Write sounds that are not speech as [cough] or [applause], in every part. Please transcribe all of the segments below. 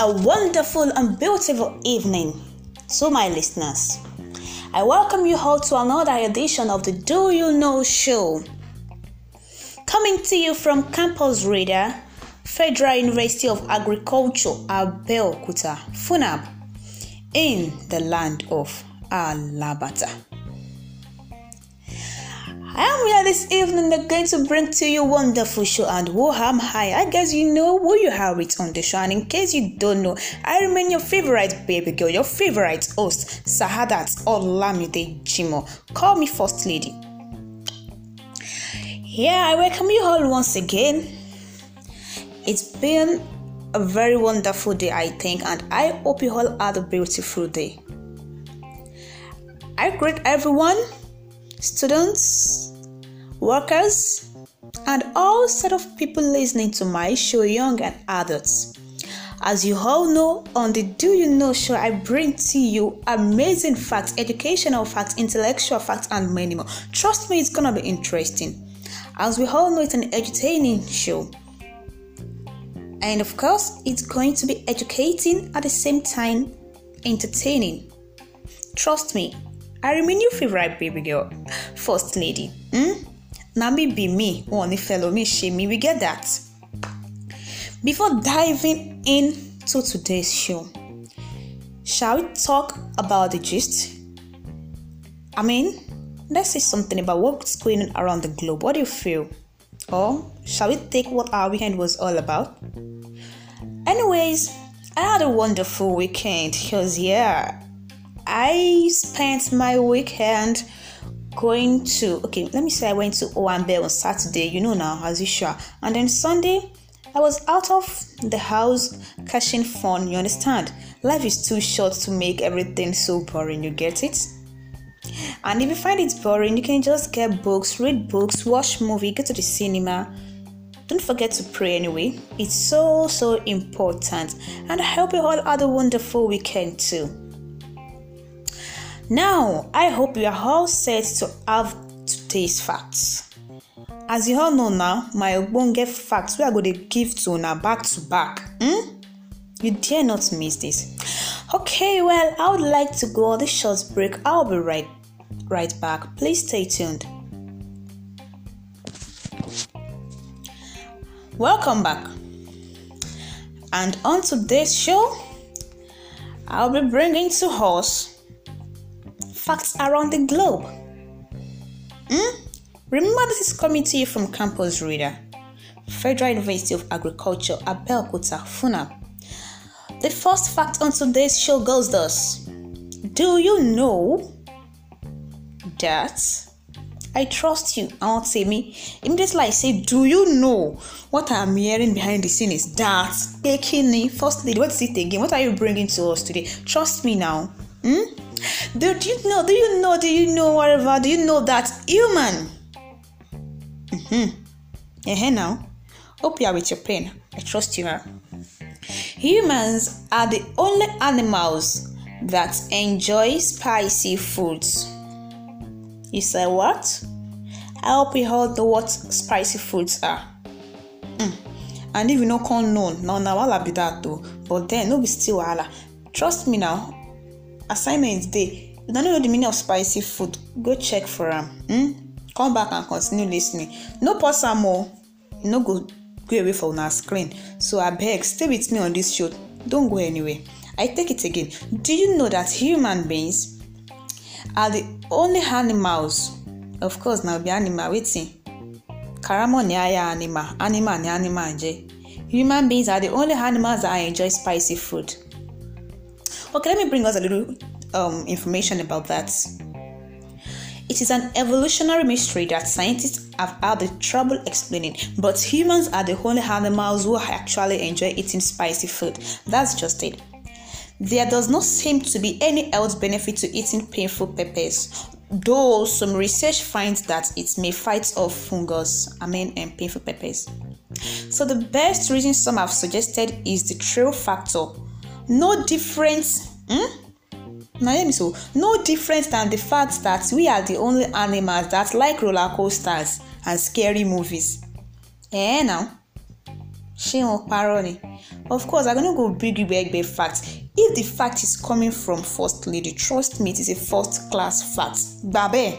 a wonderful and beautiful evening to my listeners. I welcome you all to another edition of the Do You Know Show. Coming to you from Campus Reader, Federal University of Agriculture, Abeokuta, Funab, in the land of Alabata. I am here this evening. They're going to bring to you wonderful show and who am I? I guess you know who you have it on the show. And in case you don't know, I remain your favorite baby girl, your favorite host, Sahadat Olamide Jimo. Call me First Lady. Yeah, I welcome you all once again. It's been a very wonderful day, I think, and I hope you all had a beautiful day. I greet everyone, students, workers, and all set of people listening to my show, young and adults. As you all know, on the Do You Know show, I bring to you amazing facts, educational facts, intellectual facts, and many more. Trust me, it's gonna be interesting. As we all know, it's an entertaining show. And of course, it's going to be educating at the same time entertaining. Trust me, I remain your favorite baby girl, first lady. Hmm? na me be me wọn ò me fẹ́ we get that. Before diving into today's show, shall we talk about the gist? I mean, let's say something about what's going on around the globe. What do you feel? Or shall we take what our weekend was all about? Anyways, I had a wonderful weekend because, yeah, I spent my weekend going to okay let me say i went to omb on saturday you know now as usual and then sunday i was out of the house catching fun you understand life is too short to make everything so boring you get it and if you find it boring you can just get books read books watch movie go to the cinema don't forget to pray anyway it's so so important and i hope you all had a wonderful weekend too now, I hope you are all set to have today's facts. As you all know now, my ogbonge facts we are going to give to now back to back. Hmm? You dare not miss this. Okay, well, I would like to go on the short break. I'll be right right back. Please stay tuned. Welcome back. And on today's show, I'll be bringing to us facts around the globe. Hmm? Remember, this is coming to you from Campus Reader, Federal University of Agriculture, Kuta, Funa. The first fact on today's show goes thus Do you know that? I trust you. I won't say me. Immediately, I say, Do you know what I'm hearing behind the scene is that taking me? First lady, what's it again? What are you bringing to us today? Trust me now. Hmm? do, you know? Do you know? Do you know whatever? Do you know that human? Mm-hmm. Yeah, uh-huh, now. Hope you are with your pain. I trust you are. Humans are the only animals that enjoy spicy foods. You say what? I hope you all know what spicy foods are. Mm. And if you no call known, now now I'll be that though. But then no be still Allah. Trust me now, assignment dey you no know the meaning of spicy food go check for am um come back and continue lis ten ing no pause am o e no go go away from una screen so abeg stay with me on this show Don't go anywhere i take it again do you know that human beings are the only animals of course na be animal wetin karamo ni aya animal animal ni animal nje human beings are the only animals that enjoy spicy food Okay, let me bring us a little um, information about that. It is an evolutionary mystery that scientists have had the trouble explaining, but humans are the only animals who actually enjoy eating spicy food. That's just it. There does not seem to be any health benefit to eating painful peppers, though some research finds that it may fight off fungus, I mean, and um, painful peppers. So, the best reason some have suggested is the thrill factor no different hmm? na hear me so no different than the fact that we are the only animals that like roller coasters and scary movies eh now ṣé wọn parọ́ ni of course i no go big gbẹgbẹ fact if the fact is coming from first lady trust me it is a first class fact gba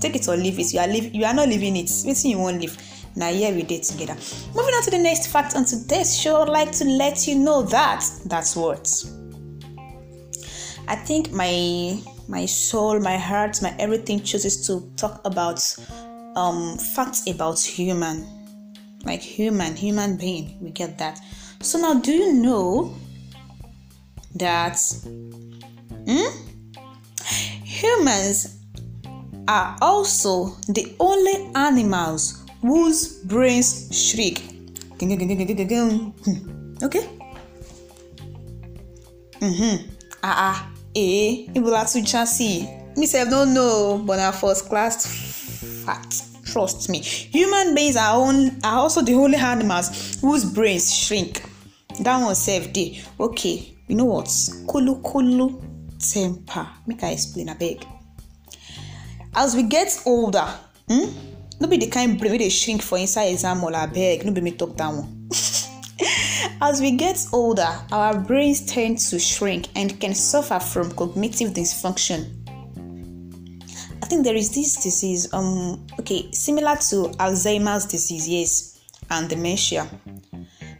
take it or leave it you are, leave, you are not leaving it wetin you wan leave Now, here we did together. Moving on to the next fact on today's show, I'd like to let you know that that's what. I think my my soul, my heart, my everything chooses to talk about um, facts about human, like human, human being. We get that. So now, do you know that hmm, humans are also the only animals whose brains shriek. Hmm. Okay? Mm-hmm. Ah ah. Eh, ibo la tún já sí. Me sef no know, but I first class fact. Trust me. Human beings are, on, are also the only animals whose brains shrink. That one sef dey. Okay, you know what? Kulu kulu temper. Make I explain abeg. As we get older, hmm? no be the kind brain wey dey shrink for inside exam hall abeg no be me talk that one [laughs] as we get older our brains tend to shrink and can suffer from cognitive dysfunction i think there is this disease um okay similar to alzheimer's disease yes and dementia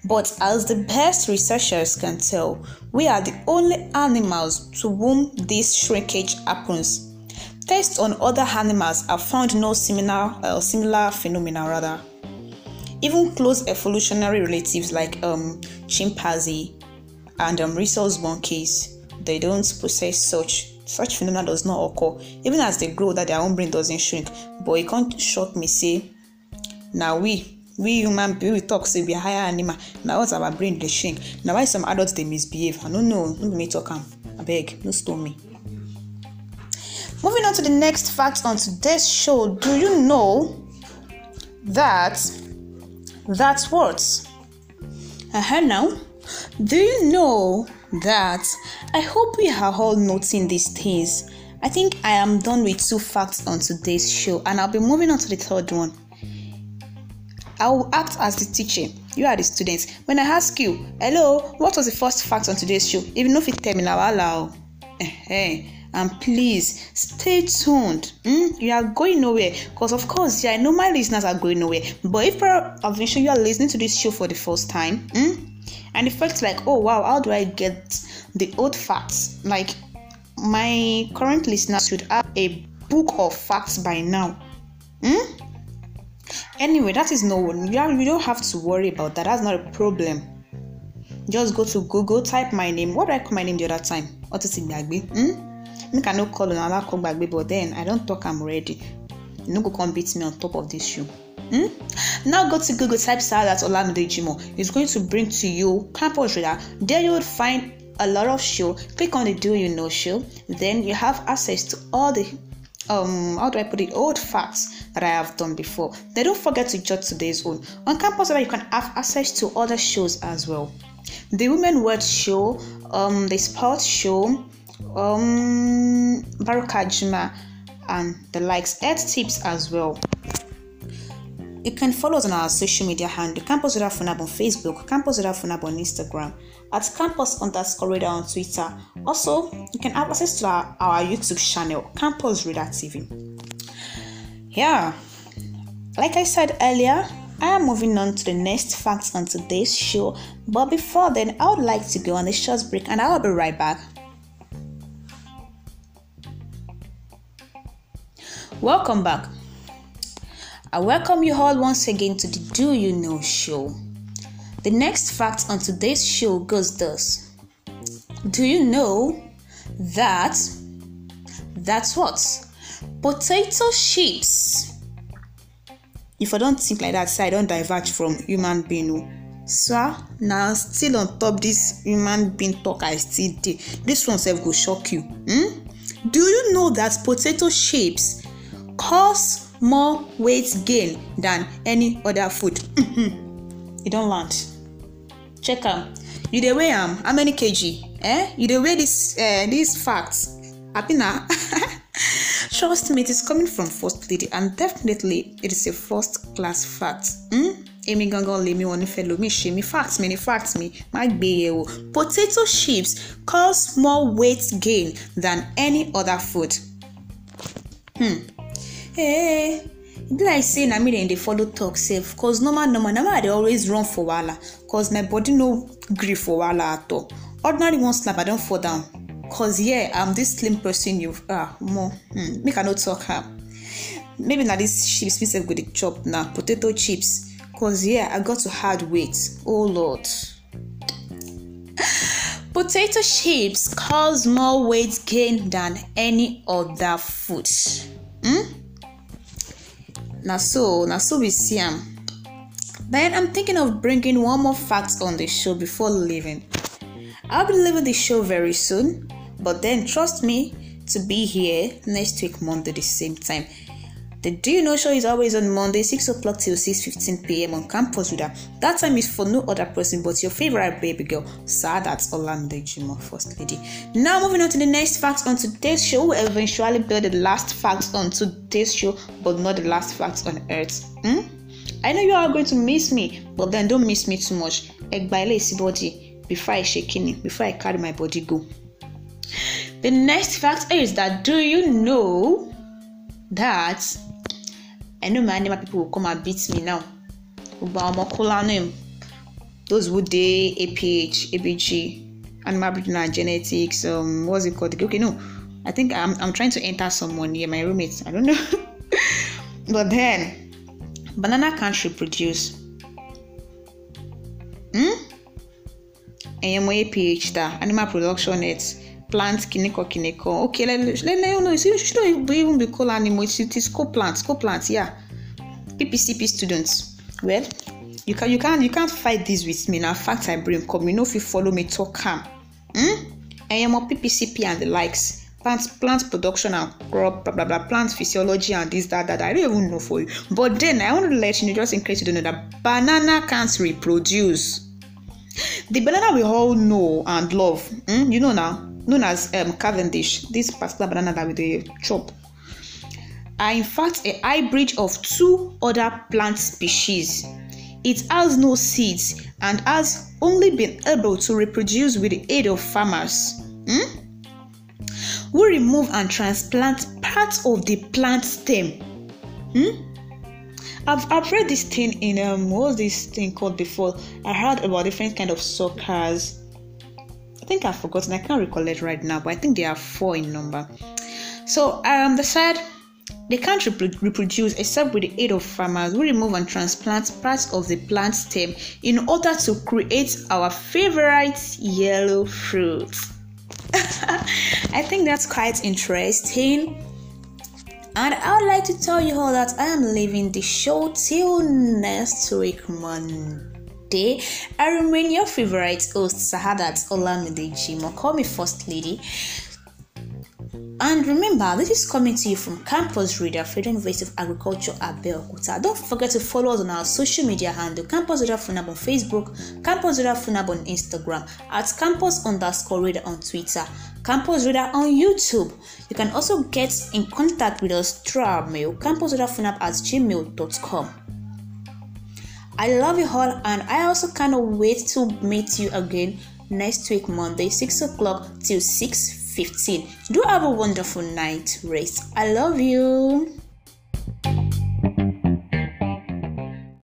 but as the best researchers can tell we are the only animals to whom this shrinkage happens Tests on other animals have found no similar, uh, similar phenomena rather. Even close evolutionary relatives like um, chimpanzee and um, rhesus monkeys, they don't possess such. Such phenomena does not occur. Even as they grow, that their own brain doesn't shrink. But it can't shock me say, now we we human beings, we talk say we are higher animal Now, what's our brain they shrink Now, why some adults they misbehave i no know no be me talk beg. do no stone me. Moving on to the next fact on today's show, do you know that that's what? Uh-huh now. Do you know that? I hope we are all noting these things. I think I am done with two facts on today's show, and I'll be moving on to the third one. I will act as the teacher. You are the students. When I ask you, hello, what was the first fact on today's show? Even if it's tell me now, allow. Eh, and please stay tuned. Mm? You are going nowhere because, of course, yeah, I know my listeners are going nowhere. But if per adventure you are listening to this show for the first time, mm? and it felt like, oh wow, how do I get the old facts? Like my current listeners should have a book of facts by now. Mm? Anyway, that is no one. You, you don't have to worry about that. That's not a problem. Just go to Google, type my name. What do I call my name the other time? What is it, make i no call una ala come gbagbe but then i don talk am ready. you no go come beat me on top of this shoe hmm? now go to google type salad olamide jimo it's going to bring to you campus reader there you will find a lot of show click on the do you know show then you have access to all the um how do i put it old facts that i have done before then don't forget to judge today's own on campus where you can have access to other shows as well the women word show um the sports show um, Barakajima, and the likes, health tips as well. You can follow us on our social media handle Campus Radar Funab on Facebook, Campus Radar Funab on Instagram, at Campus underscore Radar on Twitter. Also, you can have access to our, our YouTube channel, Campus Radar TV. Yeah, like I said earlier, I am moving on to the next facts on today's show, but before then, I would like to go on a short break and I will be right back. Welcome back. I welcome you all once again to the Do You Know show. The next fact on today's show goes thus Do you know that? That's what? Potato chips. If I don't think like that, so I don't diverge from human being. Oh. so, now still on top this human being talk I still did. This one self go shock you. Hmm? Do you know that potato chips cause more weight gain than any other food e don land check am you dey weigh am how many kg eh you dey weigh this uh, this fact happy na [laughs] trust me it is coming from first lady and definitely it is a first class fact hmm? èmi gangan lèmi wọn nífẹ̀ẹ́ lomi ṣe mi fact mi ni fact mi má gbé yẹ̀ e wò potato chips cause more weight gain than any other food. Hmm hey e be like say na me dem dey follow talk sef cause normal normal na why i dey always run for wahala cause my body no gree for wahala at all ordinary one slap i don fall down cause yeah i'm this slim person you ah more hmm, make i no talk am maybe na this chips me sef go dey chop na potato chips cause yeah i got to hard weight oh lord. [sighs] Potato chips cause more weight gain than any other food. na so na so we see then i'm thinking of bringing one more fact on the show before leaving i'll be leaving the show very soon but then trust me to be here next week monday the same time the Do You Know show is always on Monday, 6 o'clock till 6.15 p.m. on Campus Reader. That time is for no other person but your favorite baby girl, that's Sadat Olamdejimo, First Lady. Now moving on to the next fact on today's show, we'll eventually build the last fact on today's show, but not the last fact on earth. Hmm? I know you are going to miss me, but then don't miss me too much. lazy body before I shake in, before I carry my body go. The next fact is that do you know that ɛnum anima people will come and beat me now ugba ọmọkụla name those would they aph abg animal breeding and genetics um, what's it called okay no i think i'm, I'm trying to enter someone here my roommates. i don't know [laughs] but then banana can't reproduce hmm? and aph animal production it's plant kiniko kiniko okay let, let, let, know. you You don't even be called animal it, it is co-plant co-plant yeah ppcp students well you can you can you can't fight this with me na fact i bring come you know if you follow me talk am hmm? enyemo ppcp and the likes plant plant production and crop blah blah blah plant physiology and this that that i don't even know for you but then i want to let you know just in case you don't know that banana can't reproduce the banana we all know and love Hmm. you know now known as um, Cavendish, this particular banana that we chop, are in fact a hybrid of two other plant species. It has no seeds and has only been able to reproduce with the aid of farmers. Hmm? We remove and transplant parts of the plant stem. Hmm? I've, I've read this thing in um, what was this thing called before? I heard about different kind of suckers think I've forgotten. I can't recall it right now, but I think they are four in number. So um, they said they can't rep- reproduce except with the aid of farmers who remove and transplant parts of the plant stem in order to create our favorite yellow fruit. [laughs] I think that's quite interesting. And I would like to tell you all that I am leaving the show till next week, Monday today, remain your favorite host, Sahadat call me First Lady. And remember, this is coming to you from Campus Reader, Federal University of Agriculture, Abeokuta. Don't forget to follow us on our social media handle, Campus Reader Funab on Facebook, Campus Reader Funab on Instagram, at Campus underscore Reader on Twitter, Campus Reader on YouTube. You can also get in contact with us through our mail, campusreaderfunab at gmail.com. I love you all, and I also cannot wait to meet you again next week, Monday, 6 o'clock till 6 15. Do have a wonderful night race. I love you.